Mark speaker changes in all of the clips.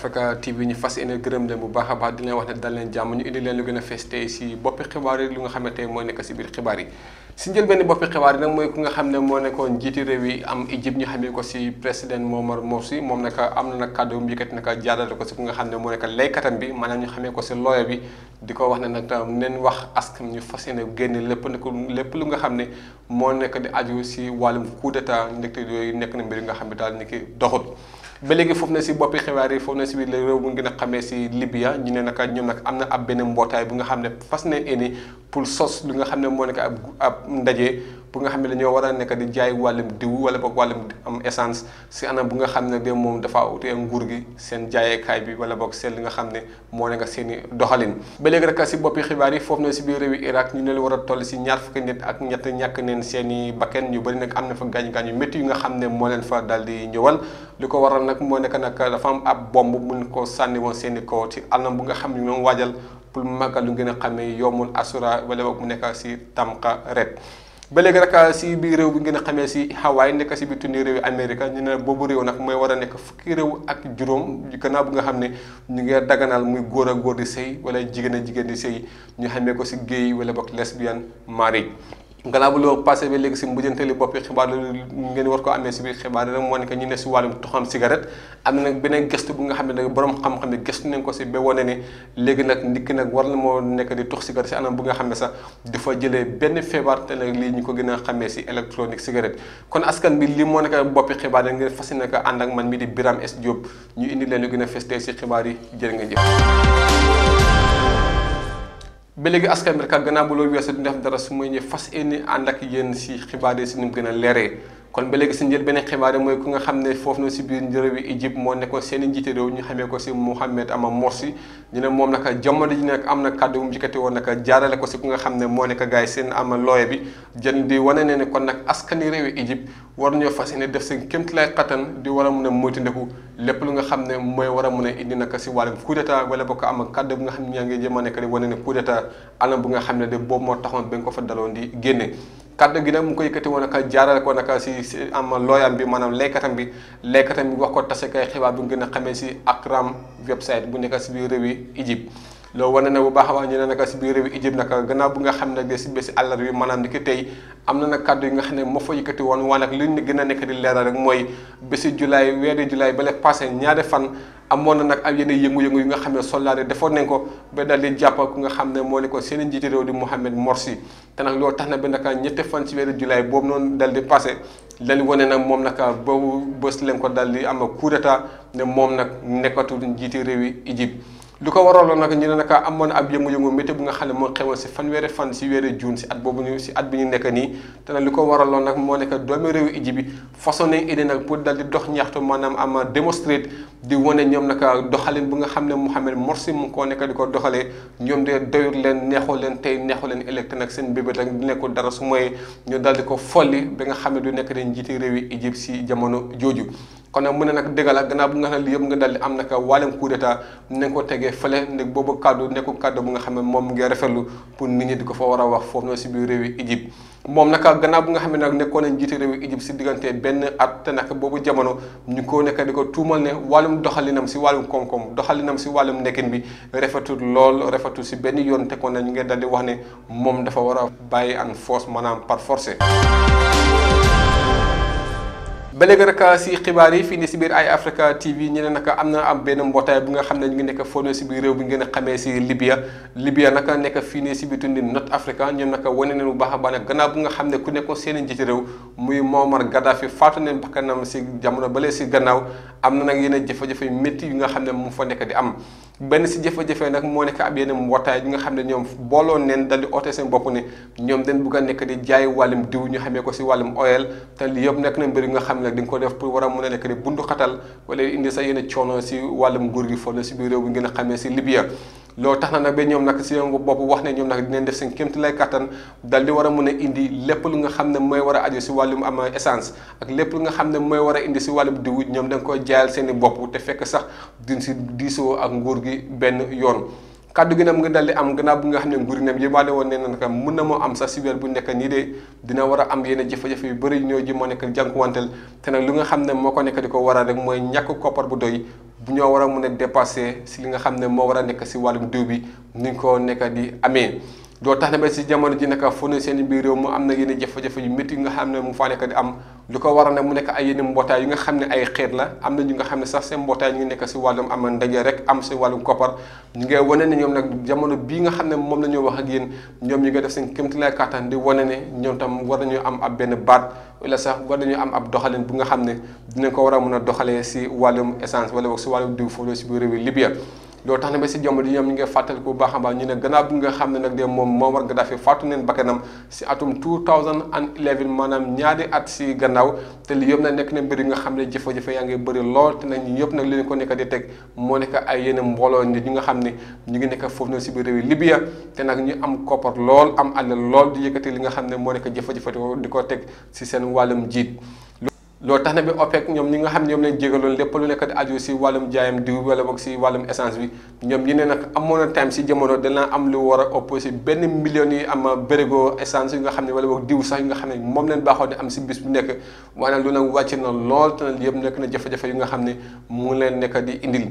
Speaker 1: Africa TV ñu fas yéene gërëm leen bu baax a baax di leen wax ne dal leen jàmm ñu indi leen lu gën a fees tey si boppi xibaar yi lu nga xamante mooy nekk si biir xibaar yi si njëlbéen boppi xibaar yi nag mooy ku nga xam ne moo nekkoon njiiti réew yi am Égypte ñu xamee ko si président Moomar moom nag am na nag kàddu bu mu yëkkati nag jaarale ko si ku nga xam ne moo nekk laykatam bi maanaam ñu xamee ko si looya bi di ko wax ne nag wax askan ñu fas yéene génne lépp nag lépp lu nga xam ne moo nekk di aju si wàllum coup d'état ndekte yooyu nekk na mbir nga xam ne daal ni ki doxut ba léegi foofu na si boppi xibaar yi foofu na si biir réew mu gën a xamee si Libya ñu ne naka ñoom nag am na ab benn mbootaay bu nga xam ne fas nañ eni pour sos li nga xam ne moo nekk ab ab ndaje bu nga xam ne dañoo war a nekk di jaay wàllum diw wala boog wàllum am essence si anam bu nga xam ne de moom dafa utee nguur gi seen jaayeekaay bi wala boog seen li nga xam ne moo nekk seen i doxalin ba léegi rek si boppi xibaar yi foofu na si biir réewi Irak ñu ne lu war a toll si ñaar fukki nit ak ñett ñàkk neen seen bakken ñu bëri nag am na fa gaañ-gaañ yu métti yu xam ne moo leen fa dal di ñëwal li ko waral nag moo nekk nag dafa am ab bomb mun ko sànni woon seen i kaw ci anam bu nga xam ne ñoom waajal pour màggal lu ngeen a xamee yoomul asura wala boog mu nekk si tamxa ret ba léegi rek ah, si biir réew bi ngeen xamee si Hawaï nekk si biir tundi réew yi Amérique ñu ne boobu réew nag mooy war a nekk fukki réew ak juróom gannaaw bi nga xam ne ñu ngi daganal muy góor a góor di sëy wala jigéen a jigéen di sëy ñu xamee ko si gay wala boog lesbian marriage gannaaw bu loolu passé ba léegi si mujjantali boppi xibaar loolu ngeen war ko amee si biir xibaar yi rek moo nekk ñu ne si wàllum toxam cigarette am na nag beneen gëstu bu nga xam borom xam-xam ne gëstu ko si ba wane nag nit ki nag war nekk di tux cigarette si anam bu nga xam ne sax dafa jëlee benn feebar te nag lii ñu ko gën a xamee si électronique cigarette kon askan bi li moo nekk boppi xibaar yi ngeen fas yéene ko ànd ak man mi di Biram es Diop ñu indi leen lu gën a festee si xibaar yi jël nga jëf ba léegi askan bi rek gannaaw bu loolu weesoo di def dara su may ñëw fas yéene ànd ak yéen si xibaar yi si ni mu gën a leeree. kon ba léegi si njëlbéen xibaar yi mooy ku nga xam ne foofu na si biir réewi Égypte moo nekkoon seen njiité réew ñu xamee ko si Mohamed Ama Morsi ñu ne moom naka jamono ji nekk am na kàddu bu mu jëkkati woon naka jaarale ko si ku nga xam ne moo nekk gars yi seen ama looye bi jën di wane ne ne kon nag askani réewi Égypte war ñoo fas ne def seen kéemtalaay kattan di war a mun a moytandiku lépp lu nga xam ne mooy war a mun a indi naka si wàllum coup d'état wala bokk am kàddu bu nga xam ne ñaa ngi jëma nekk di wane ne coup d'état anam bu nga xam ne de boobu moo taxoon ba nga ko fa daloon di génne kàddu gi nag mu ko yëkkati woon aka jaarale ko naka si si am looyam bi maanaam laykatam bi laykatam bi wax ko tase kay xibaar bi mu gën a xamee si Akram website bu nekk si biir réew yi loo wane na bu baax a baax ñu ne nag si biir réew bu nga xam ne si bési àllar yi maanaam niki tey am na nag kàddu moo fa yëkkati woon waaye nag li ñu gën a nekk di leeral rek mooy bési julaay weeri julaay ba la passé ñaari fan amoon na nag am yenn yëngu-yëngu yu nga xam ne soldat yi defoon nañ ko ba daal di jàpp ku nga xam ne moo ne ko seen njiiti réew di Mohamed Morsi te nag loo tax na ba nag ñetti fan si weeri julaay boobu noonu dal di passé lali wane nag moom nag boobu bés lañ ko dal di am coup d'état ne moom nag nekkatul njiiti yi Égypte lu ko waraloon nag ñu ne nag amoon ab yëngu-yëngu météo bu nga xam ne moo xewoon si fanweeri fan si weeri juin si at boobu ñu si at bi ñu nekk nii te nag lu ko waraloon nag moo nekk doomi réewu Égypte bi façon nañ idée nag pour dal di dox ñaxtu maanaam am démonstré di wane ñoom nag doxalin bu nga xam ne Mohamed Morsi mu koo nekk di ko doxalee ñoom de doyut leen neexoo leen tey neexoo leen électe nag seen bébét rek du nekkul dara su mooy ñu dal di ko folli bi nga xam ne du nekk di njiiti réewi Égypte si jamono jooju kon nag mu ne nag dëgg la gannaaw bu nga xam lii yëpp nga dal di am naka wàllum coup d'état na nga ko tegee fële ne boobu kàddu nekkul kàddu bu nga xam ne moom ngay rafetlu pour nit di ko fa war a wax foofu si biir réewi Égypte moom naka gannaaw bu nga xam nag nekkoon nañ jiite réewi Égypte si diggante benn at te nag boobu jamono ñu ko nekk di ko tuumal ne wàllum doxalinam si wàllum koom-koom doxalinam si wàllum nekkin bi rafetul lool rafetul si benn yoon te kon nag ñu ngi dal di wax ne moom dafa war a bàyyi an force maanaam par force ba léegi rek ah, si xibaar yi fii nii si biir ay Africa TV ñu ne nag am na am benn mbootaay bu nga xam ne ñu ngi nekk fóonee si biir réew bi ngeen xamee si Libya Libya nag nekk fii nii si biir tundi North Africa ñoom nag wane nañu bu baax a baax nag gannaaw bu nga xam ne ku nekkoon seen i njiiti réew muy Muammar Gaddafi faatu neen bakkanam si jamono bale si gannaaw am na nag yeneen jafe-jafe métti yu nga xam ne mu fa nekk di am. benn si jafe-jafe nag moo nekk ab yenn mbootaay ñi nga xam ne ñoom booloon neen dal di oote seen bopp ne ñoom dañ bugg a nekk di jaay wàllum diw ñu xamee ko si wàllum oil te li yëpp nekk na mbir nga xam ne dinga ko def pour war a mën a nekk di bundu xatal wala indi sa yenn coono si wàllum nguur gi foofu la si biir réew bi ngeen a xamee si Libya loolu tax na nag ba ñoom nag si yëngu bopp wax ne ñoom nag dinañ def seen kéemti lay kattan dal di war a mun a indi lépp lu nga xam ne mooy war a aju si wàllum am essence ak lépp lu nga xam ne mooy war a indi si wàllum diw ñoom dañ koy jaayal seen i bopp te fekk sax duñ si diisoo ak nguur gi benn yoon kàddu gi nag mu ngi dal di am gannaaw bi nga xam ne nguur gi nag yëbaale woon ne nag mun na moo am sax si weer bu nekk nii de dina war a am yenn jafe-jafe yu bëri ñoo ji moo nekk jànkuwanteel te nag lu nga xam ne moo ko nekk di ko waral rek mooy ñàkk koppar bu doy bu ñoo war a mën a dépasser si li nga xam ne moo war a nekk si wàllum diw bi nuñ ko nekk di amee. loolu tax na ba si jamono ji naka fu ne seen i biir réew mu am na yenn jafe-jafe yu métti yu nga xam ne mu fa nekk di am lu ko waral nag mu nekk ay yenn mbootaay yu nga xam ne ay xeet la am na ñu nga xam ne sax seen mbootaay ñu ngi nekk si wàllum am ndaje rek am si wàllum koppar ñu ngay wane ne ñoom nag jamono bii nga xam ne moom la ñoo wax ak yéen ñoom ñu nga def seen kéemtalaay kàttan di wane ne ñoom tam war nañoo am ab benn baat wala sax war nañoo am ab doxalin bu nga xam ne dinañ ko war a mën a doxalee si wàllum essence wala si wàllum diw foofu si biir réew yi Libya loolu tax na ba si jomb di ñoom ñu ngi fàttali bu baax a baax ñu ne gannaaw bi nga xam ne nag de moom Muammar Gaddafi fàttu neen bakkanam si atum 2011 maanaam ñaari at si gannaaw te li yëpp nag nekk na mbir yi nga xam ne jafe-jafe yaa ngi bëri lool te nag ñi yëpp nag ñu teg moo nekk ay yenn mbooloo nit ñi nga xam ne ñu ngi nekk foofu noonu si biir réew Libya te nag ñu am koppar lool am àll lool di yëkkati li nga xam ne moo nekk jafe-jafe di ko teg si seen wàllum jiit loolu tax na bi OPEC ñoom ñi nga xam ne ñoom lañ jégaloon lépp lu nekk di aju si wàllum jaayam diw wala boog si wàllum essence bi ñoom ñi ne nag amoon na time si jamono dana am lu war a ëpp benn million yi am bërigo essence yu nga xam ne wala boog diw sax yu nga xam ne moom leen baaxoo di am si bis bu nekk maanaam lu nag wàcc na lool te nag yëpp nekk na jafe-jafe yu nga xam ne mu leen nekk di indil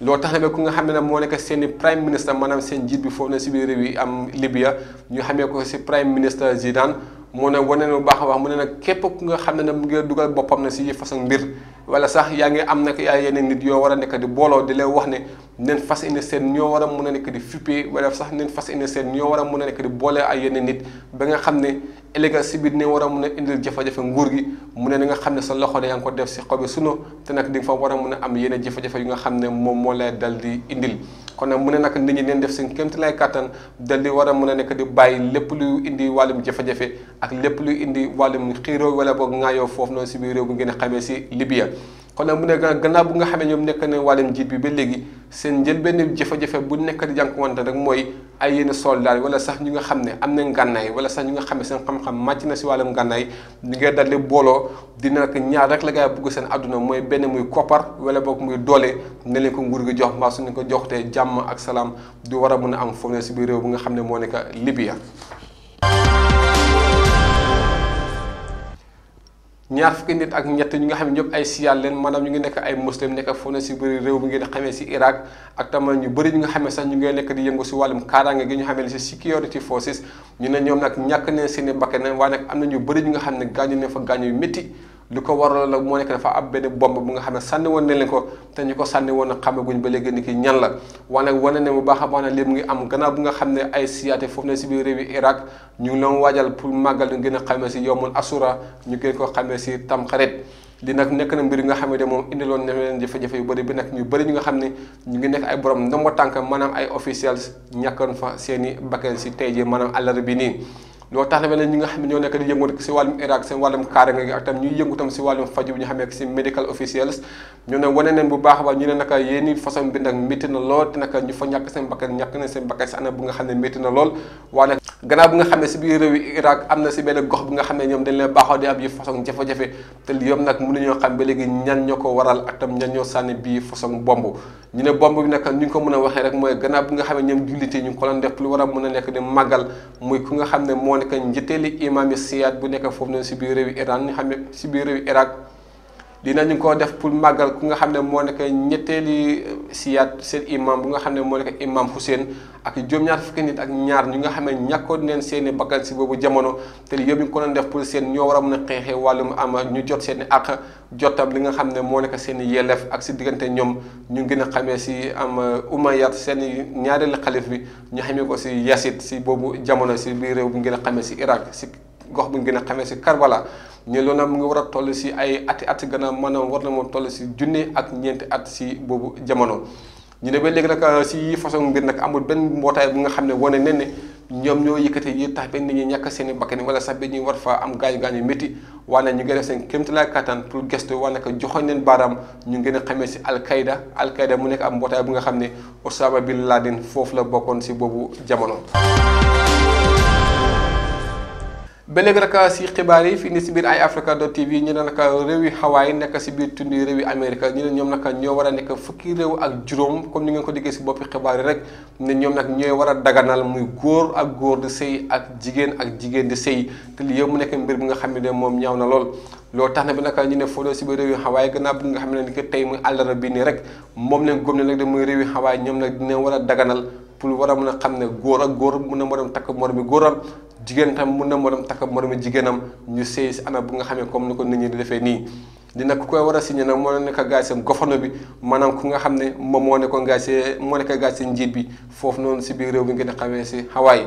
Speaker 1: loolu tax na ku nga xam ne nag moo nekk seen i prime ministre maanaam seen njiit bi foofu na si biir réew yi am Libya ñu xamee ko si prime ministre Zidane moo ne wane na bu baax a wax mu ne nag képp ku nga xam ne ne mu ngi dugal boppam na si façon mbir wala sax yaa ngi am nag ay yeneen nit yoo war a nekk di booloo di leen wax ne neen fas indi seen ñoo war mun a nekk di fippee wala neen fas indi seen war mun a nekk di boole ay yeneen nit ba nga xam ne ëllëg si biir ne war a mun a indil jafe-jafe nguur gi mu ne na nga xam ne sa loxo ne yaa ngi ko def si xobi suno te nag di nga fa war a mun a am yeneen jafe-jafe yu nga xam ne moom moo lay dal di indil kon nag mu ne nag nit ñi neen def seen kémti lay kàttan dal war a mun a nekk di bàyyi lépp luy indi wàllum jafe-jafe ak lépp luy indi wàllum xiiroo wala boog ŋaayoo foofu noonu si biir réew bi ngeen xamee si Libya kon nag mu ne gannaaw bu nga xamee ñoom nekk nañ wàllum njiit bi ba léegi seen njëlbéen jafe-jafe bu nekk di wante rek mooy ay yenn soldaar wala sax ñu nga xam ne am nañ gànnaay wala sax ñu nga xam ne seen xam-xam màcc na si wàllum gànnaay ñu ngee daldi booloo dina nag ñaar rek la gaa yi seen àdduna mooy benn muy koppar wala boog muy doole ne leen ko nguur gi jox mbaa su ñu ko jox joxtee jàmm ak salaam du war a mun a am foofu ne si biir réew bu nga xam ne moo nekk Libya ñaar fukki nit ak ñett ñi nga xam ne ñëpp ay siyaal leen maanaam ñu ngi nekk ay muslim nekk foo na si bëri réew mi ngeen xamee si Irak ak tamit ñu bëri ñu nga xam ne sax ñu ngi nekk di yëngu si wàllum kaaraange gi ñu xamee ne si security forces ñu ne ñoom nag ñàkk neen seeni bakkan waaye nag am na ñu bëri ñu nga xam ne gaañu ne fa gaañu yu métti li ko waral nag moo nekk dafa am benn bomb bu nga xam ne sànni woon na leen ko te ñu ko sànni woon na xamaguñ ba léegi ni ki ñan la waaye nag wane ne bu baax a baax na lii mu ngi am gannaaw bu nga xam ne ay siyaate foofu ne si biir réewi Irak ñu ngi leen waajal pour màggal ñu gën a xamee si yomul asura ñu gën ko xamee si tamxarit li nag nekk mbir yi nga xam moom indiloon na leen jafe-jafe bëri bi nag ñu bëri ñu nga xam ne ñu ngi nekk ay borom ndombo tànk manaam ay officiels ñàkkoon fa seen i bakkan si tey jii maanaam àllarba bi nii loo taxawale ñi nga xam ne ñoo nekk di yëngu rek si wàllum Irak seen wàllum na te naka ñu fa ñàkk seen bakkan ñàkk nañ seen bakkan si anam bu nga xam ne métti na lool waaye nag gannaaw bi nga xam ne benn gox bi nga xam ne ñoom dañ leen baaxoo di am yi façon jafe-jafe te li yom nag ñu bi nag ko mën a waxee rek mooy gannaaw bi nga xam ne ñoom julliti ñu lu war a mën a nekk di màggal muy ku nga xam ne moo nekk njëtteeli imaami siyaad bu nekk foofu noonu si biir réewi Iran xam ne si biir réewi Irak dinañu ko def pour màggal ku nga xam ne moo nekk ñetteeli euh, siyaat seen imam bu nga xam ne moo nekk imam Hussein ak juróom-ñaar fukki nit ak ñaar ñu nga xam ne ñàkkoon neen seen i bakkan boobu jamono te li yëpp ko doon def pour seen ñoo war a mën a xeexee ñu jot seen i àq jotam li nga xam ne moo nekk seen i yelleef ak si diggante ñoom ñu gën a xamee si am euh, Umayyad seen ñaareelu xalif bi ñu xamee ko si Yasid si boobu jamono si biir réew bu ñu gën a xamee si Irak si gox bu ñu gën a xamee si Karbala ñu ne loolu mu ngi war a toll si ay ati at gannaaw maanaam war na moom toll si junne ak ñeenti at si boobu jamono. ñu ne ba léegi nag euh, si façon mbir nag amul benn mbootaay bu nga xam ne wane ne ne ñoom ñoo yëkkate yi tax benn nit ñi ñàkk seen i bakkan wala sax ba ñuy war fa am gaañu gaañu métti waaye nag ñu ngi def seen kéemtalaay kattan pour gestu waaye nag joxoñ leen baaraam ñu ngeen a xamee si alqaida alqaida mu nekk am mbootaay bu nga xam ne Osama bin Laden foofu la bokkoon si boobu jamono. ba léegi nag ah, si xibaar yi fii nii si biir Eye Africa dot TV ñu ne nag ah, réew yi Hawaii nekk si biir tund réew yi Amérique ñu ne ñoom nag ah, ñoo war a nekk fukki réew ak juróom comme ni ngeen ko déggee si boppi xibaar rek ne ñoom nag ñooy war a daganal muy góor ak góor di sëy ak jigéen ak jigéen di sëy te lii yëpp mu nekk mbir bi nga xam ne moom ñaaw na lool. loolu tax na bi nag ñu ne foofu si biir réew yi Hawaii gannaaw bi nga xam ne ni que tey muy àllarba bii nii rek moom lañ góom ne nag de muy réew yi Hawaii ñoom nag dina war a daganal pour war a mën a xam ne góor ak góor mën a moroom takk moroom bi góoram jigéen tam mun na morom takk moromu jigéenam ñu sëy si anam bu nga xamee comme ni ko nit ñu di defee nii li nag ku koy war a moo nekk gaay seen gofano bi maanaam ku nga xam ne moom moo nekkoon gaay seen moo nekk gaay bi foofu noonu si biir réew mi ngeen di xamee si Hawaii.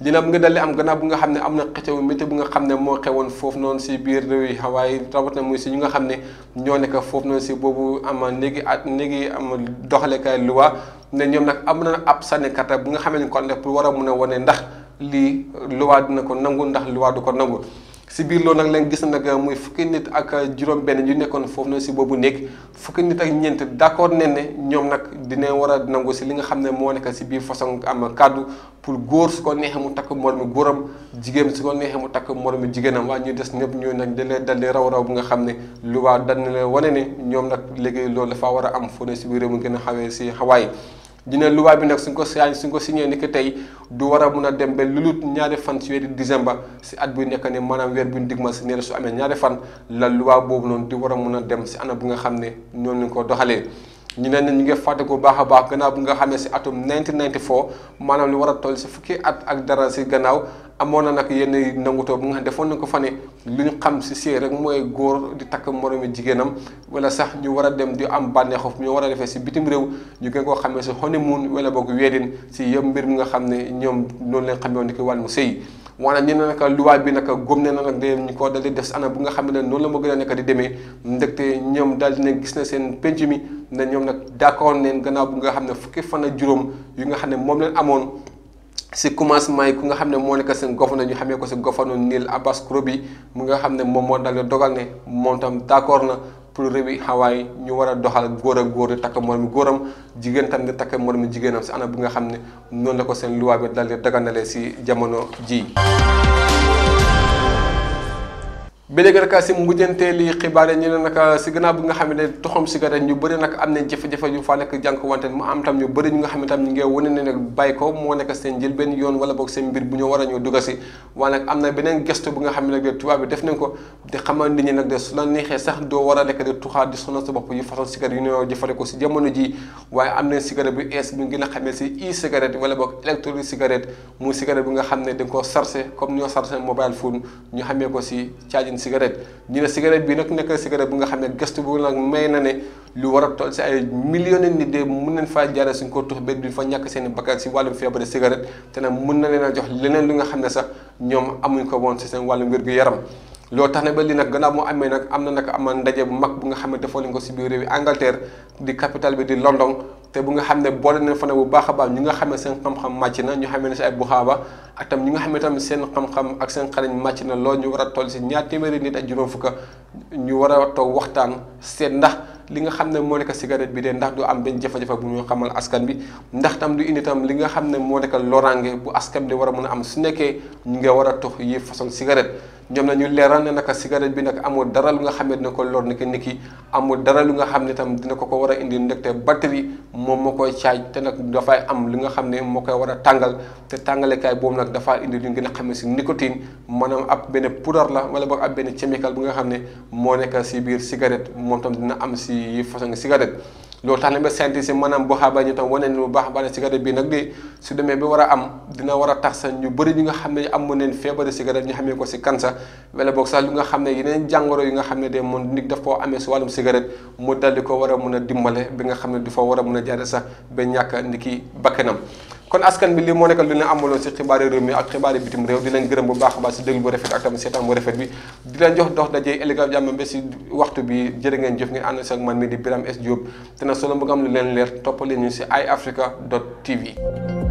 Speaker 1: li nag mu ngi dal bu nga xam ne am na xëccoo métti bu nga xam ne moo xewoon foofu noonu si biir réew yi Hawaii rawatina si ñu nga xam ne ñoo nekk foofu noonu si boobu ama néegi at néegi am doxalekaay luwa ne ñoom nag am na ab sànnikata bu nga xamee ne kon def pour war a mun a wane ndax lii luwaa dina ko nangu ndax luwaa du ko nangu si biir loolu nag lañ gis nag muy fukki nit ak juróom-benn yu nekkoon foofu na si boobu néeg fukki nit ak ñeent d'accord ne ne ñoom nag dina war a nangu si li nga xam ne moo nekk si biir façon am kàddu pour góor su ko neexee mu takk moromu góoram jigéen su ko neexee mu takk moromu jigéenam waaye ñu des ñëpp ñooy nag dalee dalee raw raw bu nga xam ne luwaa dañ leen wane ne ñoom nag léegi loolu dafa war a am foofu si biir réew gën a xawee si xawaay ñu ne luwaay bi nag suñ ko saa suñ ko signé ni que tey du war a mun a dem ba lulut ñaari fan si weeri décembre si at bu nekk ne maanaam weer bu ñu digmal si nee su amee ñaari fan la luwaa boobu noonu di war a mun a dem si anam bu nga xam ne noonu lañ ko doxalee. ñu ne nañ ñu ngi fàtte ko baax a baax gannaaw bu nga xamee si atum 1994 maanaam lu war a toll si fukki at ak dara si gannaaw. amoon na nag yenn nangutoo bu nga xam defoon na ko fa ne lu ñu xam si séy rek mooy góor di takk moromi jigéenam wala sax ñu war a dem di am bànneexu ñu war a defee si bitim réew ñu gën koo xamee si honeymoon wala boog weedin si yëpp mbir mi nga xam ne ñoom noonu lañ xamee woon ni ki wàllum sëy waana ñu ne naka luwaay bi naka góom na nag de ñu ko dal di def si anam bu nga xam ne noonu la ma gën a nekk di demee ndekte ñoom daal ne gis na seen penc mi ne ñoom nag d'accord neen gannaaw bu nga xam ne fukki fan ak juróom yu nga xam ne moom leen amoon si commencement yi ku nga xam ne moo nekk seen gouvernement ñu xamee ko si gouvernement Neil Abbas Kurubi mu nga xam ne moom moo daal di dogal ne moom tam d'accord na pour réewi Hawaï ñu war a doxal góor ak góor di takk moromu góoram jigéen tam di takk moromu jigéenam si anam bi nga xam ne noonu la ko seen luwaa bi daal di daganale si jamono ji bi léegi rek si mujjanteeli xibaar yi ñu ne nag si gannaaw nga xam ne bëri nag am nañ jafe fa nekk jànk wante mu am tam ñu nga xam ne tam ñu ngi wane yoon wala boog seen mbir na beneen gestu bu nga xam ne nag bi def nañ ko di xamal nit ñi nag de su war a nekk di tuxaat di sa bopp yu façon cigarette yu ñoo jëfandikoo si jamono ji waaye am nañ cigarette bu ees bu gën a xamee si i cigarette wala boog électronique cigarette muy cigarette bi nga xam ne dañ ko chargé comme ñoo chargé mobile phone ñu xamee ko si une cigarette ñu ne cigarette bi nag nekk na cigarette bu nga xam ne gëstu bu nag may na ne lu war a toll si ay millions de nit de mun nañ faa jaaree suñ ko tux ba duñ fa ñàkk seeni i si wàllum feebaru cigarette te nag mun na leen a jox leneen li nga xam ne sax ñoom amuñ ko woon si seen wàllum wér-gu-yaram loolu tax na ba lii nag gannaaw moo amee nag am na nag amal ndaje bu mag bu nga xam ne defoon ko si biir réew yi Angleterre di capitale bi di London te bu nga xam ne boole nañ fa ne bu baax a baax ñi nga xam ne seen xam na ñu xamee ne si ay buxaaba ak tam ñi nga xam ne tam seen xam ak seen xarañ màcc na loolu ñu war a toll si ñaar téeméeri nit ak juróom fukk ñu war a toog waxtaan seet ndax li nga xam ne moo nekk cigarette bi de ndax du am benn jafe-jafe bu ñu xamal askan bi ndax tam du indi tam li nga xam ne moo nekk loraange bu askan bi war a mun a am su nekkee ñu nga war a tox yi façon cigarette ñoom la ñu leeral ne naka cigarette bi nag amul dara lu nga xam ne dina ko lor niki niki amul dara lu nga xam ne tam dina ko ko war a indi ndaxte batterie moom moo koy caaj te nag dafay am li nga xam ne moo koy war a tàngal te tàngalekaay boobu nag dafaa indi lu ñu gën a xamee si nicotine maanaam ab benn poudre la wala boog ab benn chemical bu nga xam ne moo nekk si biir cigarette moom tam dina am si façon cigarette loolu tax na ba scientifique si maanaam bu xaaba ñu tam wane leen bu baax bane cigarette bii nag de su demee bi war a am dina war a tax sa ñu bëri ñu nga xam ne amoon neen feebaru cigarette ñu xamee ko si cancer wala boog sax lu nga xam ne yeneen jàngoro yi nga xam ne de moom nit daf koo amee si wàllum cigarette mu di ko war a mun a dimbale bi nga xam ne dafa war a mun a jaare sax ba ñàkk nit ki bakkanam kon askan bi li mo nekkal li ñu amaloon si xibaari réew mi ak xibaari bitim réew di leen gërëm bu baax a baax si bu rafet ak tam seetaan bu rafet bi di leen jox dox daje éligal jàmm ba si waxtu bi jërë ngeen jëf ngeen ànd ak man mii di biram s diob dina solo mbëgg am lu leen leer topp ñu si iafrica tv.